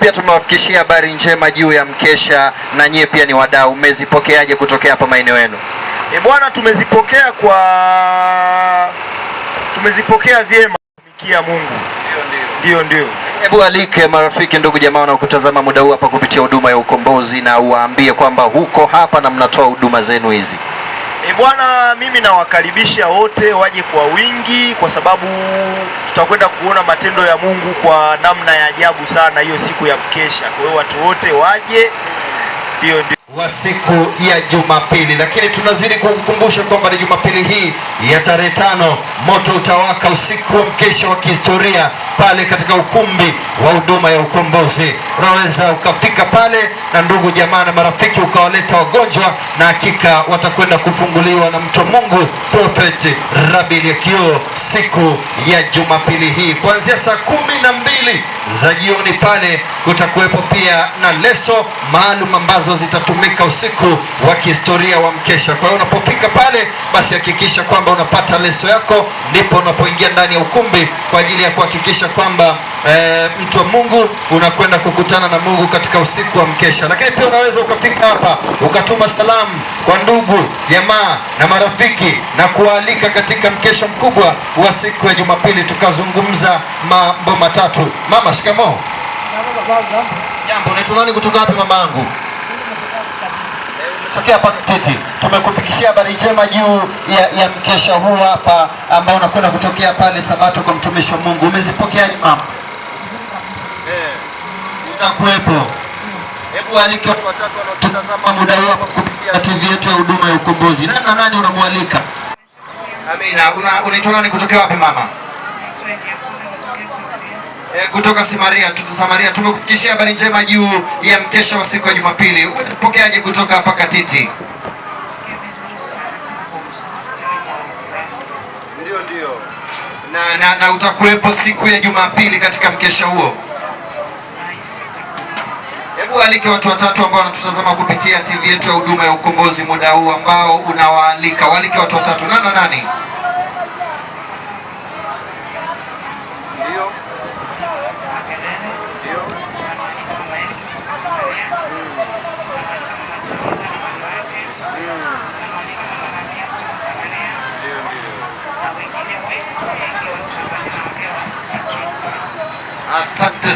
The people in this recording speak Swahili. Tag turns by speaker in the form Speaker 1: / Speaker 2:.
Speaker 1: Pia tumewafikishia habari njema juu ya mkesha, na nyie pia ni wadau, mmezipokeaje kutokea hapa maeneo yenu?
Speaker 2: E bwana, tumezipokea kwa tumezipokea vyema, kumikia Mungu. Ndio, ndio.
Speaker 1: Hebu alike marafiki, ndugu, jamaa na kutazama muda huu hapa kupitia huduma ya ukombozi, na uwaambie kwamba huko hapa na mnatoa huduma zenu hizi.
Speaker 2: E bwana, mimi nawakaribisha wote waje kwa wingi, kwa sababu tutakwenda kuona matendo ya Mungu kwa namna ya ajabu sana hiyo siku ya mkesha. Kwa hiyo watu wote waje, hiyo ndio
Speaker 1: wa siku ya Jumapili, lakini tunazidi kukukumbusha kwamba ni Jumapili hii ya tarehe tano, moto utawaka usiku wa mkesha wa kihistoria pale katika ukumbi wa huduma ya ukombozi. Unaweza ukafika pale na ndugu jamaa na marafiki, ukawaleta wagonjwa, na hakika watakwenda kufunguliwa na mtu Mungu Prophet Rabi Lekio siku ya Jumapili hii kuanzia saa kumi na mbili za jioni. Pale kutakuwepo pia na leso maalum ambazo zitatu utatumika usiku wa kihistoria wa mkesha. Kwa hiyo unapofika pale, basi hakikisha kwamba unapata leso yako, ndipo unapoingia ndani ya ukumbi kwa ajili ya kuhakikisha kwamba e, mtu wa Mungu unakwenda kukutana na Mungu katika usiku wa mkesha. Lakini pia unaweza ukafika hapa ukatuma salamu kwa ndugu jamaa na marafiki na kuwaalika katika mkesha mkubwa wa siku ya Jumapili, tukazungumza mambo matatu. Mama, shikamoo. Jambo, unaitwa nani kutoka wapi mamangu? tokea hapa Mtiti tumekufikishia habari njema juu ya, ya mkesha huu hapa ambao unakwenda kutokea pale Sabato kwa mtumishi wa Mungu. Umezipokea mama? Eh, utakuwepo. Hebu alike watu watatu wanaotazama muda huu kupitia TV yetu ya huduma ya ukombozi. Nani na nani unamwalika? Amina. Unaitwa nani kutokea wapi mama? eh, kutoka Samaria tu, Samaria tumekufikishia habari njema juu ya mkesha wa siku ya Jumapili. umepokeaje kutoka hapa Katiti? Ndio, ndio. Na, na, na utakuwepo siku ya Jumapili katika mkesha huo. Hebu alike watu watatu ambao wanatutazama kupitia TV yetu ya Huduma ya Ukombozi muda huu ambao unawaalika. Walike watu watatu. Nani na nani?
Speaker 3: Asante.